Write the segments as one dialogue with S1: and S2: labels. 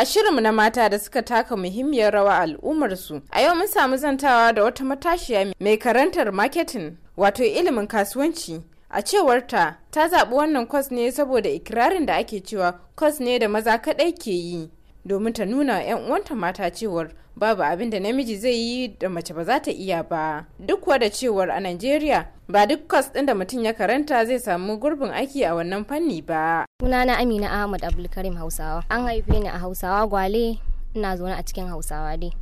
S1: a shirinmu na mata da suka taka muhimmiyar rawa al'ummarsu a yau mun samu zantawa da wata matashiya mai karantar marketing wato ilimin kasuwanci a cewarta ta zaɓi wannan kwas ne saboda ikirarin da ake cewa kwas ne da maza kaɗai ke yi domin ta nuna 'yan uwanta mata cewar babu abin da namiji zai yi da mace ba za ta iya ba duk da cewar a Najeriya ba duk kwas ɗin da mutum ya karanta zai samu
S2: gurbin aiki a wannan fanni ba. Sunana Amina Ahmad Abdulkarim Hausawa. An haife ni a Hausawa Gwale ina zaune a cikin Hausawa dai.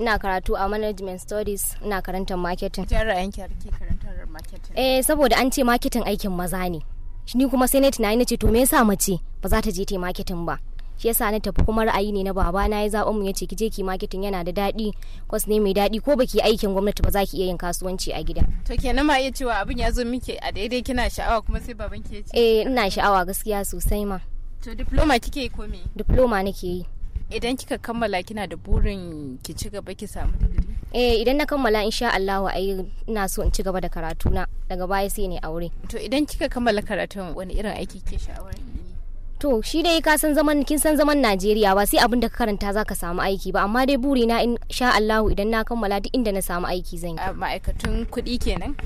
S2: Ina karatu a Management Studies ina karantar marketing. ra'ayin ki har karantar marketing? Eh saboda an ce marketing aikin maza ne. shi Ni kuma sai na tunani na ce to me yasa mace ba za ta je ta marketing ba. shi yasa na tafi kuma ra'ayi ne na baba na ya zaɓa mu yace ki je ki maketin yana da daɗi kwas ne mai daɗi ko baki aikin gwamnati ba za ki iya yin kasuwanci a gida
S3: to kenan ma iya cewa abin ya zo miki a daidai kina sha'awa kuma sai baban ki ya ce eh ina
S2: sha'awa gaskiya sosai ma
S3: to diploma kike yi ko me
S2: diploma nake yi
S3: idan kika kammala kina da burin ki ci gaba ki samu digiri
S2: eh idan na kammala insha Allah ai ina so in ci gaba da karatu na daga baya sai ne aure to idan kika kammala karatun wani irin aiki ke sha'awar to shi dai ka san zaman kin san zaman Najeriya ba sai abin da ka karanta zaka samu aiki ba amma dai buri na in sha Allahu idan na kammala duk inda na samu aiki zan yi ma'aikatun kuɗi kenan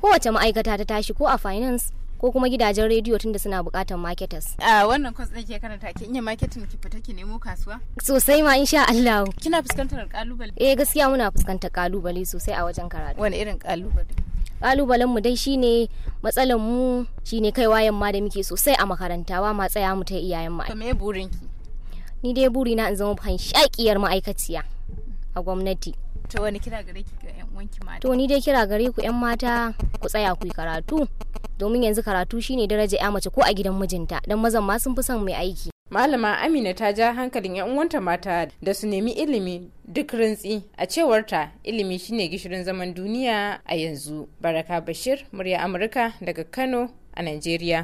S2: kowace ma'aikata ta tashi ko a finance ko kuma gidajen rediyo tunda suna bukatar marketers. A wannan
S3: kwas ɗin ke karanta ki iya marketing ki fita ki nemo kasuwa? Sosai ma insha Allah. Kina fuskantar kalubale? Eh
S2: gaskiya muna fuskantar kalubale sosai a wajen karatu. Wani irin kalubale? kalubalen mu dai shine matsalan mu shine kaiwa yamma da muke sosai a makaranta ma tsaya mu ta iyayen mu me burin ni dai buri na in zama shakiyar ma'aikaciya a gwamnati
S3: to wani kira gare ki ga yan
S2: uwanki mata to ni dai kira gare ku yan mata ku tsaya ku yi karatu domin yanzu karatu shine daraja ya mace ko a gidan mijinta dan mazan ma sun fi son mai aiki Malama Amina ta ja
S1: hankalin 'yan uwanta mata da su nemi ilimi duk rintsi a cewarta ilimi shine gishirin zaman duniya a yanzu. Baraka Bashir, murya Amurka daga Kano a Najeriya.